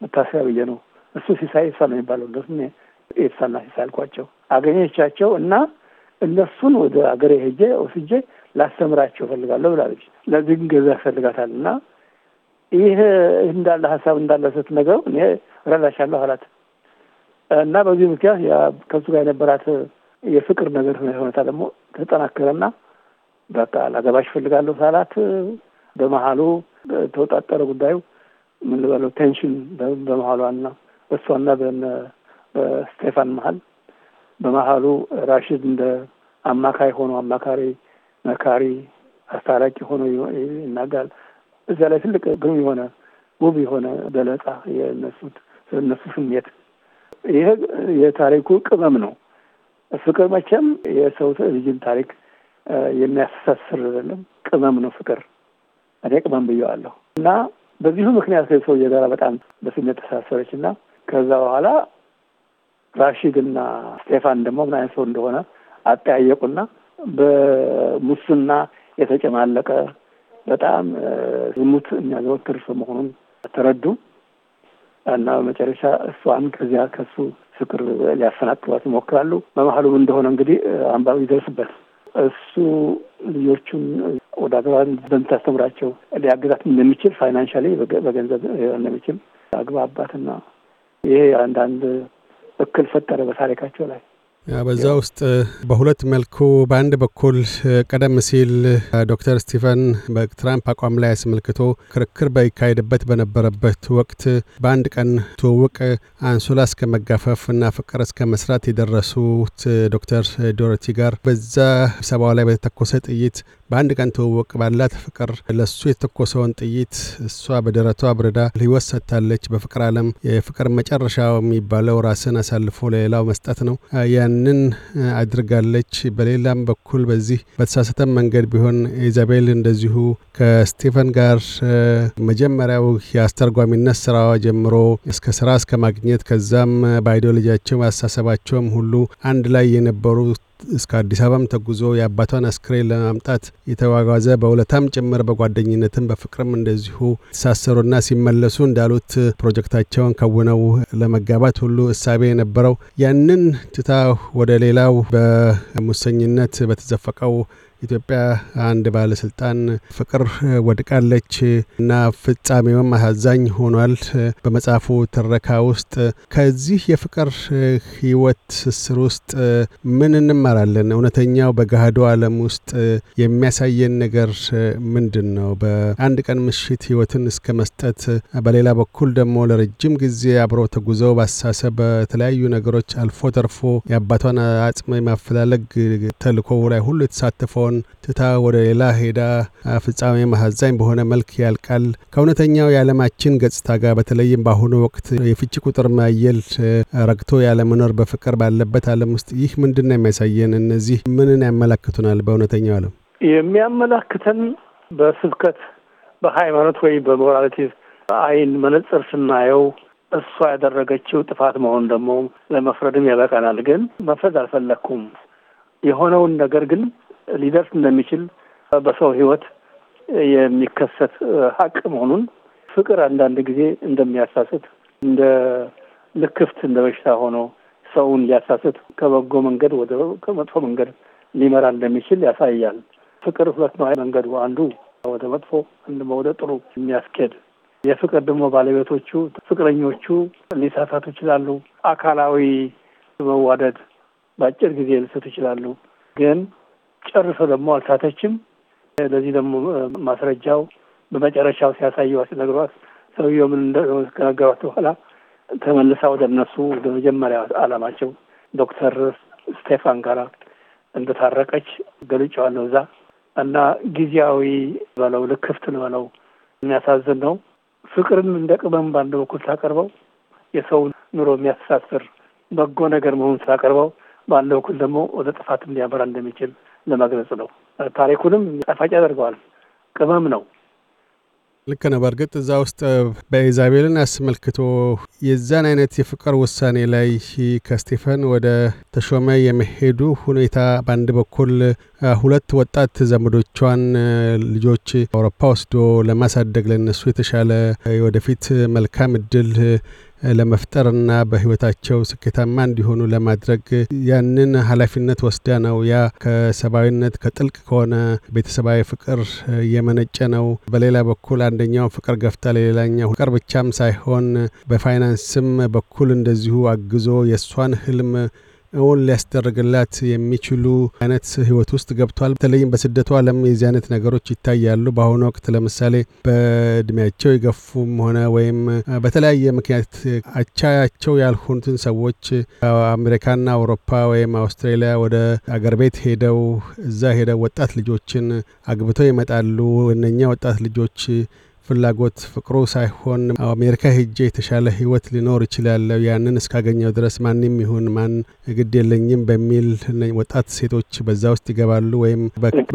መታሰቢያ ብዬ ነው እሱ ሲሳይ ኢብሳ ነው የሚባለው። እንደሱ ኢብሳና ሲሳይ አልኳቸው። አገኘቻቸው እና እነሱን ወደ አገሬ ሄጄ ወስጄ ላስተምራቸው እፈልጋለሁ ብላለች። ለዚህ ግን ገዛ ያስፈልጋታል እና ይህ እንዳለ ሀሳብ እንዳለ ስትነግረው እኔ እረዳሻለሁ አላት እና በዚህ ምክንያት ከሱ ጋር የነበራት የፍቅር ነገር ሁኔታ ደግሞ ተጠናከረና በቃ ላገባሽ እፈልጋለሁ ሳላት በመሀሉ ተወጣጠረ ጉዳዩ ምን ልበለው ቴንሽን በመሀሏና በእሷና በስቴፋን መሀል በመሀሉ ራሽድ እንደ አማካይ ሆኖ አማካሪ፣ መካሪ፣ አስታራቂ ሆኖ ይናጋል። እዚያ ላይ ትልቅ ግም የሆነ ውብ የሆነ ገለጻ የነሱት እነሱ ስሜት ይህ የታሪኩ ቅመም ነው። ፍቅር መቼም የሰው ልጅን ታሪክ የሚያስተሳስር አይደለም፣ ቅመም ነው ፍቅር። እኔ ቅመም ብየዋለሁ እና በዚሁ ምክንያት ከሰውዬ ጋር በጣም በስሜት ተሳሰረች እና ከዛ በኋላ ራሺድ እና ስቴፋን ደግሞ ምን አይነት ሰው እንደሆነ አጠያየቁና በሙስና የተጨማለቀ በጣም ዝሙት የሚያዘወትር ሰው መሆኑን ተረዱ እና በመጨረሻ እሷን ከዚያ ከሱ ፍቅር ሊያፈናቅሏት ይሞክራሉ። በመሀሉም እንደሆነ እንግዲህ አንባቢ ይደርስበት። እሱ ልጆቹን ወደ አግባብ በምታስተምራቸው ሊያግዛት እንደሚችል ፋይናንሻሊ በገንዘብ እንደሚችል አግባባትና ይሄ አንዳንድ እክል ፈጠረ በታሪካቸው ላይ። በዛ ውስጥ በሁለት መልኩ በአንድ በኩል ቀደም ሲል ዶክተር ስቲፈን በትራምፕ አቋም ላይ አስመልክቶ ክርክር በይካሄድበት በነበረበት ወቅት በአንድ ቀን ትውውቅ አንሶላ እስከ መጋፈፍ እና ፍቅር እስከ መስራት የደረሱት ዶክተር ዶሮቲ ጋር በዛ ስብሰባው ላይ በተተኮሰ ጥይት በአንድ ቀን ትውውቅ ባላት ፍቅር ለሱ የተኮሰውን ጥይት እሷ በደረቷ ብረዳ ህይወት ሰጥታለች። በፍቅር ዓለም የፍቅር መጨረሻ የሚባለው ራስን አሳልፎ ለሌላው መስጠት ነው። ያንን አድርጋለች። በሌላም በኩል በዚህ በተሳሳተ መንገድ ቢሆን ኢዛቤል እንደዚሁ ከስቴፈን ጋር መጀመሪያው የአስተርጓሚነት ስራዋ ጀምሮ እስከ ስራ እስከ ማግኘት ከዛም በአይዲዮሎጂያቸው አስተሳሰባቸውም ሁሉ አንድ ላይ የነበሩ እስከ አዲስ አበባም ተጉዞ የአባቷን አስክሬን ለማምጣት የተጓጓዘ በሁለታም ጭምር በጓደኝነትም በፍቅርም እንደዚሁ ተሳሰሩና ሲመለሱ እንዳሉት ፕሮጀክታቸውን ከውነው ለመጋባት ሁሉ እሳቤ የነበረው ያንን ትታ ወደ ሌላው በሙሰኝነት በተዘፈቀው ኢትዮጵያ አንድ ባለስልጣን ፍቅር ወድቃለች እና ፍጻሜውም አሳዛኝ ሆኗል በመጽሐፉ ትረካ ውስጥ ከዚህ የፍቅር ህይወት ትስስር ውስጥ ምን እንማራለን? እውነተኛው በገሃዱ ዓለም ውስጥ የሚያሳየን ነገር ምንድን ነው? በአንድ ቀን ምሽት ህይወትን እስከ መስጠት፣ በሌላ በኩል ደግሞ ለረጅም ጊዜ አብሮ ተጉዘው ባሳሰብ በተለያዩ ነገሮች አልፎ ተርፎ የአባቷን አጽም የማፈላለግ ተልእኮ ላይ ሁሉ የተሳተፈው ኑሮን ትታ ወደ ሌላ ሄዳ ፍጻሜ ማሳዛኝ በሆነ መልክ ያልቃል። ከእውነተኛው የዓለማችን ገጽታ ጋር በተለይም በአሁኑ ወቅት የፍቺ ቁጥር ማየል ረግቶ ያለመኖር በፍቅር ባለበት ዓለም ውስጥ ይህ ምንድን ነው የሚያሳየን? እነዚህ ምንን ያመላክቱናል? በእውነተኛው ዓለም የሚያመላክተን በስብከት በሃይማኖት ወይ በሞራሊቲ አይን መነጽር ስናየው እሷ ያደረገችው ጥፋት መሆኑን ደግሞ ለመፍረድም ያበቃናል። ግን መፍረድ አልፈለግኩም። የሆነውን ነገር ግን ሊደርስ እንደሚችል በሰው ህይወት የሚከሰት ሀቅ መሆኑን ፍቅር አንዳንድ ጊዜ እንደሚያሳስት እንደ ልክፍት እንደ በሽታ ሆኖ ሰውን ሊያሳስት ከበጎ መንገድ ወደ ከመጥፎ መንገድ ሊመራ እንደሚችል ያሳያል። ፍቅር ሁለት ነው መንገዱ፣ አንዱ ወደ መጥፎ፣ አንዱ ወደ ጥሩ የሚያስኬድ የፍቅር ደግሞ ባለቤቶቹ ፍቅረኞቹ ሊሳሳቱ ይችላሉ። አካላዊ መዋደድ በአጭር ጊዜ ሊሰቱ ይችላሉ ግን ጨርሶ ደግሞ አልሳተችም። ለዚህ ደግሞ ማስረጃው በመጨረሻው ሲያሳየዋት ሲነግሯት ሰውየው ምን እንደሆነ ከነገሯት በኋላ ተመልሳ ወደ እነሱ ወደ መጀመሪያ አላማቸው ዶክተር ስቴፋን ጋራ እንደታረቀች ገልጫዋለሁ እዛ እና ጊዜያዊ በለው ልክፍት በለው የሚያሳዝን ነው። ፍቅርን እንደ ቅመም በአንድ በኩል ታቀርበው የሰው ኑሮ የሚያስተሳስር በጎ ነገር መሆኑን ስላቀርበው በአንድ በኩል ደግሞ ወደ ጥፋት ሊያመራ እንደሚችል ለመግለጽ ነው። ታሪኩንም ጣፋጭ ያደርገዋል። ቅመም ነው። ልክ ነው። በእርግጥ እዛ ውስጥ በኢዛቤልን አስመልክቶ የዛን አይነት የፍቅር ውሳኔ ላይ ከስቴፈን ወደ ተሾመ የመሄዱ ሁኔታ በአንድ በኩል ሁለት ወጣት ዘመዶቿን ልጆች አውሮፓ ወስዶ ለማሳደግ ለነሱ የተሻለ ወደፊት መልካም እድል ለመፍጠርና በህይወታቸው ስኬታማ እንዲሆኑ ለማድረግ ያንን ኃላፊነት ወስዳ ነው። ያ ከሰብአዊነት ከጥልቅ ከሆነ ቤተሰባዊ ፍቅር የመነጨ ነው። በሌላ በኩል አንደኛው ፍቅር ገፍታ ለሌላኛው ፍቅር ብቻም ሳይሆን በፋይናንስም በኩል እንደዚሁ አግዞ የእሷን ህልም እውን ሊያስደረግላት የሚችሉ አይነት ህይወት ውስጥ ገብቷል። በተለይም በስደቱ ዓለም የዚህ አይነት ነገሮች ይታያሉ። በአሁኑ ወቅት ለምሳሌ በእድሜያቸው የገፉም ሆነ ወይም በተለያየ ምክንያት አቻያቸው ያልሆኑትን ሰዎች አሜሪካና አውሮፓ ወይም አውስትራሊያ ወደ አገር ቤት ሄደው እዛ ሄደው ወጣት ልጆችን አግብተው ይመጣሉ። እነኛ ወጣት ልጆች ፍላጎት ፍቅሩ ሳይሆን አሜሪካ ሄጄ የተሻለ ህይወት ሊኖር ይችላለሁ ያንን እስካገኘው ድረስ ማንም ይሁን ማን ግድ የለኝም በሚል ወጣት ሴቶች በዛ ውስጥ ይገባሉ። ወይም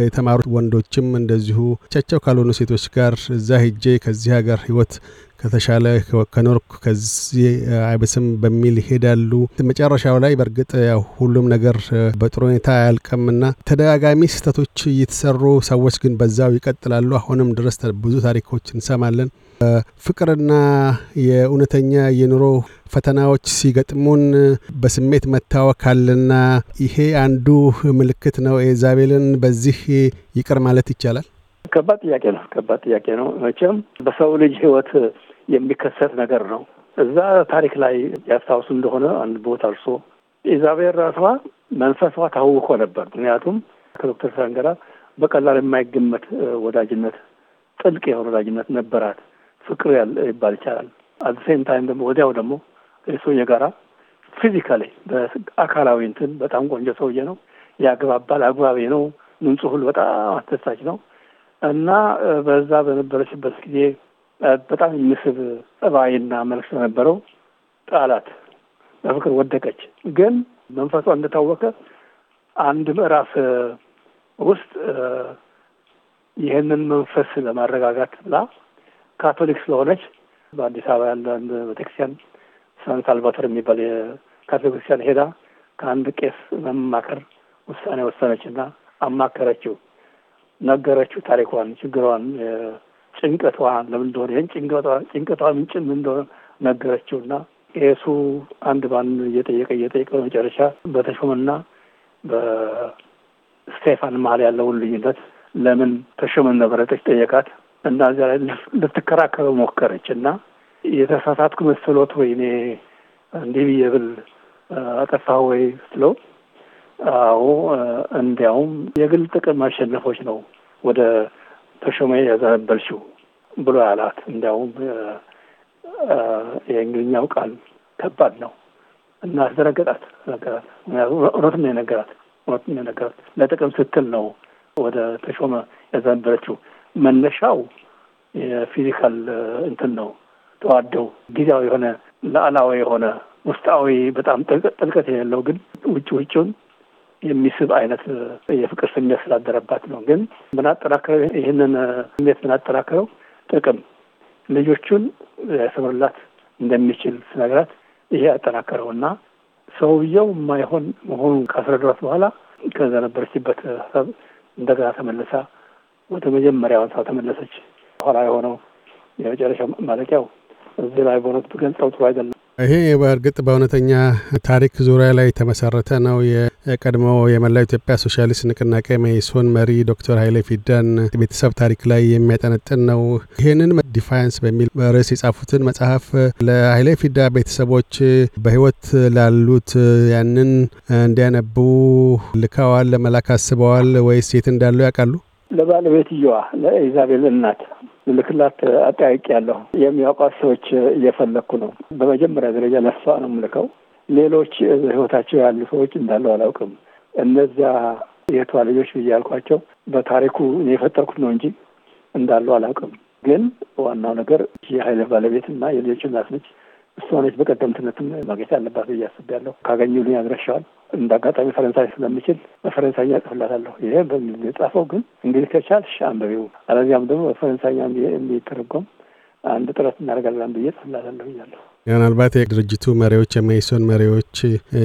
የተማሩት ወንዶችም እንደዚሁ ቻቸው ካልሆኑ ሴቶች ጋር እዛ ሄጄ ከዚህ ሀገር ህይወት ከተሻለ ከኖርኩ ከዚህ አይበስም በሚል ይሄዳሉ። መጨረሻው ላይ በእርግጥ ሁሉም ነገር በጥሩ ሁኔታ አያልቅምና ተደጋጋሚ ስህተቶች እየተሰሩ ሰዎች ግን በዛው ይቀጥላሉ። አሁንም ድረስ ብዙ ታሪኮች እንሰማለን። ፍቅርና የእውነተኛ የኑሮ ፈተናዎች ሲገጥሙን በስሜት መታወክ አለና ይሄ አንዱ ምልክት ነው። ኤልዛቤልን በዚህ ይቅር ማለት ይቻላል? ከባድ ጥያቄ ነው። ከባድ ጥያቄ ነው። መቼም በሰው ልጅ ሕይወት የሚከሰት ነገር ነው። እዛ ታሪክ ላይ ያስታውሱ እንደሆነ አንድ ቦታ እርሶ ኢዛቤል ራሷ መንፈሷ ታውኮ ነበር። ምክንያቱም ከዶክተር ሳንገራ በቀላል የማይገመት ወዳጅነት፣ ጥልቅ የሆነ ወዳጅነት ነበራት። ፍቅር ይባል ይቻላል። አዘሴም ታይም ደግሞ ወዲያው ደግሞ ከሶየ ጋራ ፊዚካሊ በአካላዊ እንትን በጣም ቆንጆ ሰውዬ ነው። ያግባባል፣ አግባቢ ነው። ንጹህ፣ በጣም አስደሳች ነው እና በዛ በነበረችበት ጊዜ በጣም የሚስብ ጸባይና መልክ ስለነበረው ጣላት፣ በፍቅር ወደቀች። ግን መንፈሷ እንደታወቀ አንድ ምዕራፍ ውስጥ ይህንን መንፈስ ለማረጋጋት ብላ ካቶሊክ ስለሆነች በአዲስ አበባ ያለ አንድ ቤተክርስቲያን ሳን የሚባል የካቶሊክ ቤተክርስቲያን ሄዳ ከአንድ ቄስ መማከር ውሳኔ ወሰነች እና አማከረችው፣ ነገረችው ታሪኳን፣ ችግሯን ጭንቀቷ ለምን እንደሆነ ይህን ጭንቀቷ ጭንቀቷ ምንጭ ምን እንደሆነ ነገረችው ነገረችውና ቄሱ አንድ ባንድ እየጠየቀ እየጠየቀ መጨረሻ በተሾመና በስቴፋን መሀል ያለውን ልዩነት ለምን ተሾመን ነበረጠች ጠየቃት እና እዚያ ላይ ልትከራከረው ሞከረች እና የተሳሳትኩ መስሎት ወይ እኔ እንዲህ ብዬ ብል አጠፋ ወይ ስለው አዎ እንዲያውም የግል ጥቅም አሸነፎች ነው ወደ ተሾመ ያዘነበልሽው ብሎ ያላት እንዲያውም የእንግሊኛው ቃል ከባድ ነው እና አስደነገጣት ነገራት። ምክንያቱም እውነትም ነው የነገራት እውነትም ነው የነገራት ለጥቅም ስትል ነው ወደ ተሾመ ያዘነበለችው። መነሻው የፊዚካል እንትን ነው ተዋደው ጊዜያዊ የሆነ ለአላዊ የሆነ ውስጣዊ በጣም ጥልቀት የሌለው ግን ውጭ ውጭውን የሚስብ አይነት የፍቅር ስሜት ስላደረባት ነው። ግን ምናጠናክረው ይህንን ስሜት ምናጠናክረው ጥቅም ልጆቹን ያሰምርላት እንደሚችል ስነግራት ይሄ እና ሰውየው የማይሆን መሆኑን ካስረዳት በኋላ ከዛ ነበረችበት ሀሳብ እንደገና ተመልሳ ወደ መጀመሪያውን ሰው ተመለሰች። ኋላ የሆነው የመጨረሻው ማለቂያው እዚህ ላይ በሆነት ብገልጸው ጥሩ አይደለም። ይሄ በእርግጥ በእውነተኛ ታሪክ ዙሪያ ላይ የተመሰረተ ነው። የቀድሞ የመላው ኢትዮጵያ ሶሻሊስት ንቅናቄ መኢሶን መሪ ዶክተር ኃይሌ ፊዳን ቤተሰብ ታሪክ ላይ የሚያጠነጥን ነው። ይህንን ዲፋያንስ በሚል ርዕስ የጻፉትን መጽሐፍ ለኃይሌ ፊዳ ቤተሰቦች በህይወት ላሉት ያንን እንዲያነቡ ልከዋል፣ ለመላክ አስበዋል ወይስ የት እንዳሉ ያውቃሉ? ለባለቤትየዋ ለኢዛቤል እናት ልልክላት አጠያቂ ያለሁ የሚያውቋት ሰዎች እየፈለግኩ ነው። በመጀመሪያ ደረጃ ለሷ ነው ምልከው። ሌሎች ህይወታቸው ያሉ ሰዎች እንዳለው አላውቅም። እነዚያ የቷ ልጆች ብዬ ያልኳቸው በታሪኩ እኔ የፈጠርኩት ነው እንጂ እንዳሉ አላውቅም። ግን ዋናው ነገር የሀይለ ባለቤት እና የልጆች እናት ነች። እሷነች በቀደምትነትም ማግኘት ያለባት ብዬ አስቤያለሁ። ካገኙልኝ ያድረሻዋል። እንደ አጋጣሚ ፈረንሳይ ስለምችል በፈረንሳይኛ ጽፍላታለሁ። ይሄ በእንግሊዝ የጻፈው ግን እንግሊዝ ከቻልሽ አንብቢው፣ አለዚያም ደግሞ በፈረንሳይኛ እንዲተረጎም አንድ ጥረት እናደርጋለን ብዬ ጽፍላታለሁ ብያለሁ። ምናልባት የድርጅቱ መሪዎች የመኢሶን መሪዎች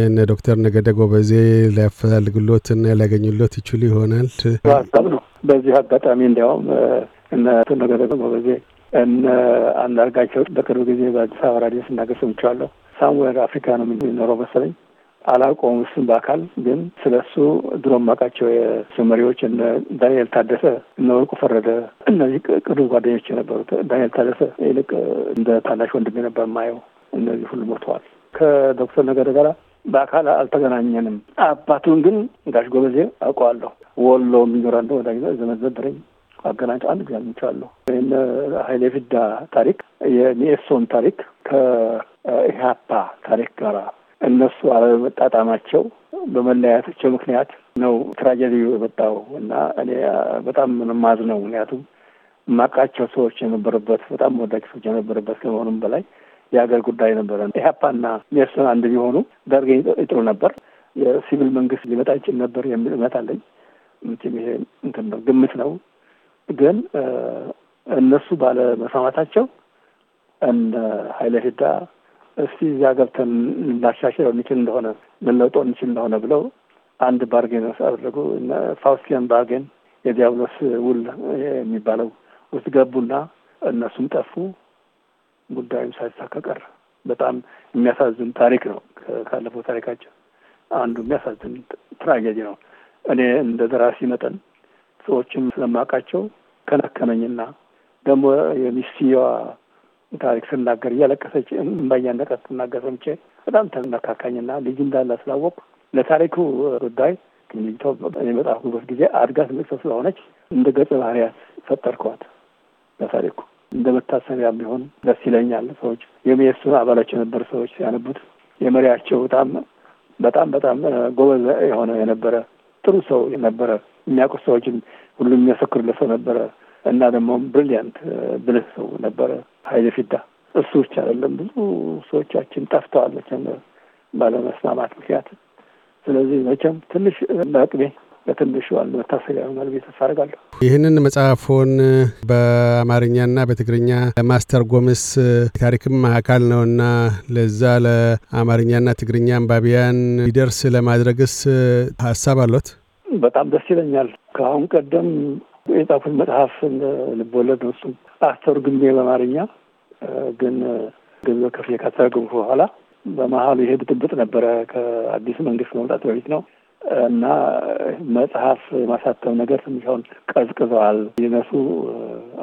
እነ ዶክተር ነገደ ጎበዜ ሊያፈላልግሎት እና ሊያገኙሎት ይችሉ ይሆናል ሀሳብ ነው። በዚህ አጋጣሚ እንዲያውም እነ ነገደ ጎበዜ እነ አንዳርጋቸው በቅርብ ጊዜ በአዲስ አበባ ራዲዮ ሲናገር ሰምቼዋለሁ። ሳምዌር አፍሪካ ነው የሚኖረው መሰለኝ አላውቀውም እሱን በአካል ግን ስለ እሱ ድሮ ማውቃቸው የሱ መሪዎች እነ ዳንኤል ታደሰ እነ ወርቁ ፈረደ እነዚህ ቅርብ ጓደኞች የነበሩት ዳንኤል ታደሰ ይልቅ እንደ ታናሽ ወንድም ነበር ማየው። እነዚህ ሁሉ ሞተዋል ከዶክተር ነገደ ጋር በአካል አልተገናኘንም አባቱን ግን ጋሽ ጎበዜ አውቀዋለሁ ወሎ የሚኖር አንድ ወዳጅ ዘመድ ነበረኝ አገናኝተው አንድ ጊዜ አግኝቼዋለሁ የነ ኃይሌ ፍዳ ታሪክ የኒኤሶን ታሪክ ከኢህአፓ ታሪክ ጋር እነሱ አለመጣጣማቸው በመለያየታቸው ምክንያት ነው ትራጀዲው የመጣው እና እኔ በጣም ምንማዝ ነው። ምክንያቱም ማቃቸው ሰዎች የነበረበት በጣም ወዳጅ ሰዎች የነበረበት ከመሆኑም በላይ የሀገር ጉዳይ ነበረ። ኢህአፓና ኒኤሶን አንድ ቢሆኑ ደርግ ይጥሩ ነበር፣ የሲቪል መንግስት ሊመጣ ይችል ነበር የሚል እምነት አለኝ። ይሄ እንትን ነው ግምት ነው ግን እነሱ ባለመስማማታቸው እንደ ኃይለ ሂዳ እስቲ እዚያ ገብተን ልናሻሽለው እንችል እንደሆነ ልንለውጦ እንችል እንደሆነ ብለው አንድ ባርጌን አደረጉ። ፋውስቲያን ባርጌን የዲያብሎስ ውል የሚባለው ውስጥ ገቡና እነሱም ጠፉ። ጉዳዩም ሳይሳካ ቀረ። በጣም የሚያሳዝን ታሪክ ነው። ካለፈው ታሪካቸው አንዱ የሚያሳዝን ትራጌዲ ነው። እኔ እንደ ደራሲ መጠን ሰዎችም ስለማውቃቸው ከነከመኝና ደግሞ የሚስትየዋ ታሪክ ስናገር እያለቀሰች እንባያነቀ ስናገር ሰምቼ በጣም ተመካካኝና ልጅ እንዳለ ስላወቅኩ ለታሪኩ ጉዳይ ግንቶ የመጽሐፍኩበት ጊዜ አድጋ ትልቅ ስለሆነች እንደ ገጽ ባህርያት ፈጠርከዋት ለታሪኩ እንደ መታሰቢያ ቢሆን ደስ ይለኛል። ሰዎች የሚየሱን አባላቸው የነበሩ ሰዎች ያነቡት የመሪያቸው በጣም በጣም በጣም ጎበዝ የሆነ የነበረ ጥሩ ሰው የነበረ የሚያውቁት ሰዎችን ሁሉም የሚያሰክሩለት ሰው ነበረ። እና ደግሞ ብሪሊያንት uh, ብልህ ሰው ነበረ ኃይለ ፊዳ። እሱ ብቻ አይደለም ብዙ ሰዎቻችን ጠፍተዋል ባለመስማማት ምክንያት። ስለዚህ መቼም ትንሽ በአቅሜ በትንሹ አለ መታሰቢያ መልቤ ቤት አድርጋለሁ። ይህንን መጽሐፎን በአማርኛና በትግርኛ ለማስተርጎምስ ታሪክም አካል ነውና ለዛ ለአማርኛና ትግርኛ አንባቢያን ሊደርስ ለማድረግስ ሀሳብ አሎት? በጣም ደስ ይለኛል። ከአሁን ቀደም የጻፉት መጽሐፍ ልቦለድ ነው። እሱም አስተርጉሜ በአማርኛ ግን ገንዘብ ከፍዬ ካስተረጎምኩ በኋላ በመሀሉ ይሄ ብጥብጥ ነበረ። ከአዲስ መንግስት መምጣት በፊት ነው እና መጽሐፍ የማሳተም ነገር ትንሽ አሁን ቀዝቅዘዋል። የነሱ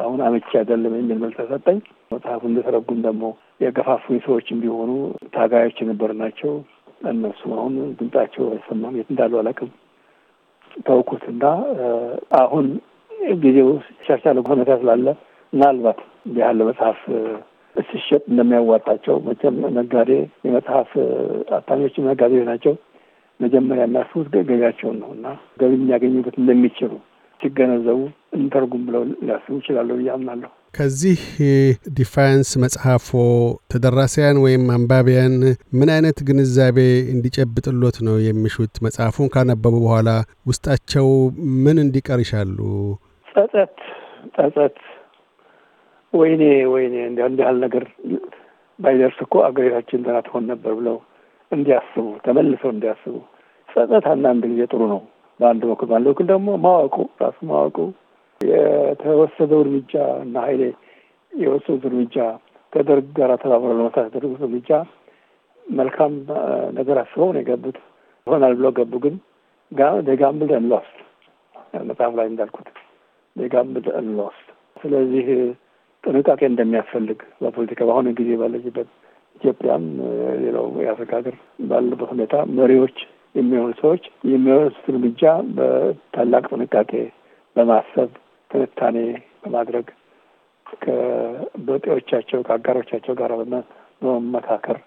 አሁን አመቺ አይደለም የሚል መልስ ተሰጠኝ። መጽሐፉ እንደተረጉም ደግሞ የገፋፉኝ ሰዎች ቢሆኑ ታጋዮች የነበር ናቸው። እነሱም አሁን ድምጻቸው አይሰማም፣ የት እንዳሉ አላውቅም። እና አሁን ጊዜው ሻሻለ ሁኔታ ስላለ ምናልባት እንዲህ ያለ መጽሐፍ እስሸጥ እንደሚያዋጣቸው መቼም ነጋዴ የመጽሐፍ አታሚዎች ነጋዴዎች ናቸው። መጀመሪያ የሚያስቡት ገቢያቸውን ነው እና ገቢ የሚያገኙበት እንደሚችሉ ሲገነዘቡ እንተርጉም ብለው ሊያስቡ ይችላሉ ብዬ አምናለሁ። ከዚህ ዲፋያንስ መጽሐፎ ተደራሲያን ወይም አንባቢያን ምን አይነት ግንዛቤ እንዲጨብጥሎት ነው የሚሹት? መጽሐፉን ካነበቡ በኋላ ውስጣቸው ምን እንዲቀር ይሻሉ? ጸጸት ጸጸት ወይኔ ወይኔ እንዲ እንዲህ ያህል ነገር ባይደርስ እኮ አገሪታችን ደህና ትሆን ነበር ብለው እንዲያስቡ ተመልሰው እንዲያስቡ ጸጸት አንዳንድ ጊዜ ጥሩ ነው። በአንድ በኩል ባለ በኩል ደግሞ ማወቁ ራሱ ማወቁ የተወሰደው እርምጃ እና ሀይሌ የወሰዱት እርምጃ ከደርግ ጋር ተባብረው ለመሳት ያደረጉት እርምጃ መልካም ነገር አስበው ነው የገቡት። ይሆናል ብለው ገቡ። ግን ጋምብል ኤንድ ሎስት መጽሐፍ ላይ እንዳልኩት they got ስለዚህ ጥንቃቄ እንደሚያስፈልግ በፖለቲካ በአሁኑ ጊዜ ባለችበት ኢትዮጵያም ሌላው የአፍሪካ ሀገር ባለበት ሁኔታ መሪዎች የሚሆኑ ሰዎች የሚወስዱት እርምጃ በታላቅ ጥንቃቄ በማሰብ ትንታኔ በማድረግ ከበጤዎቻቸው ከአጋሮቻቸው ጋር በመመካከር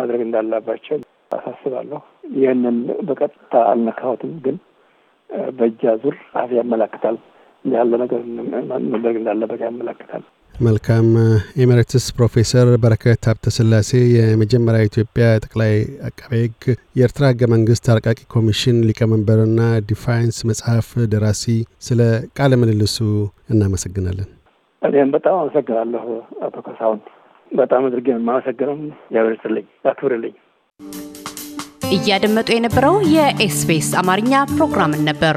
ማድረግ እንዳለባቸው አሳስባለሁ። ይህንን በቀጥታ አልነካሁትም፣ ግን በእጃ ዙር አፍ ያመላክታል። ያለ ነገር መደረግ እንዳለበት ያመለክታል። መልካም። ኤሜሬትስ ፕሮፌሰር በረከት ሀብተስላሴ የመጀመሪያ ኢትዮጵያ ጠቅላይ አቃቤ ሕግ የኤርትራ ህገ መንግስት አርቃቂ ኮሚሽን ሊቀመንበርና ዲፋይንስ መጽሐፍ ደራሲ፣ ስለ ቃለ ምልልሱ እናመሰግናለን። እኔም በጣም አመሰግናለሁ አቶ ከሳሁን፣ በጣም አድርጌ የማመሰግነው ያበርስልኝ፣ አክብርልኝ። እያደመጡ የነበረው የኤስቢኤስ አማርኛ ፕሮግራምን ነበር።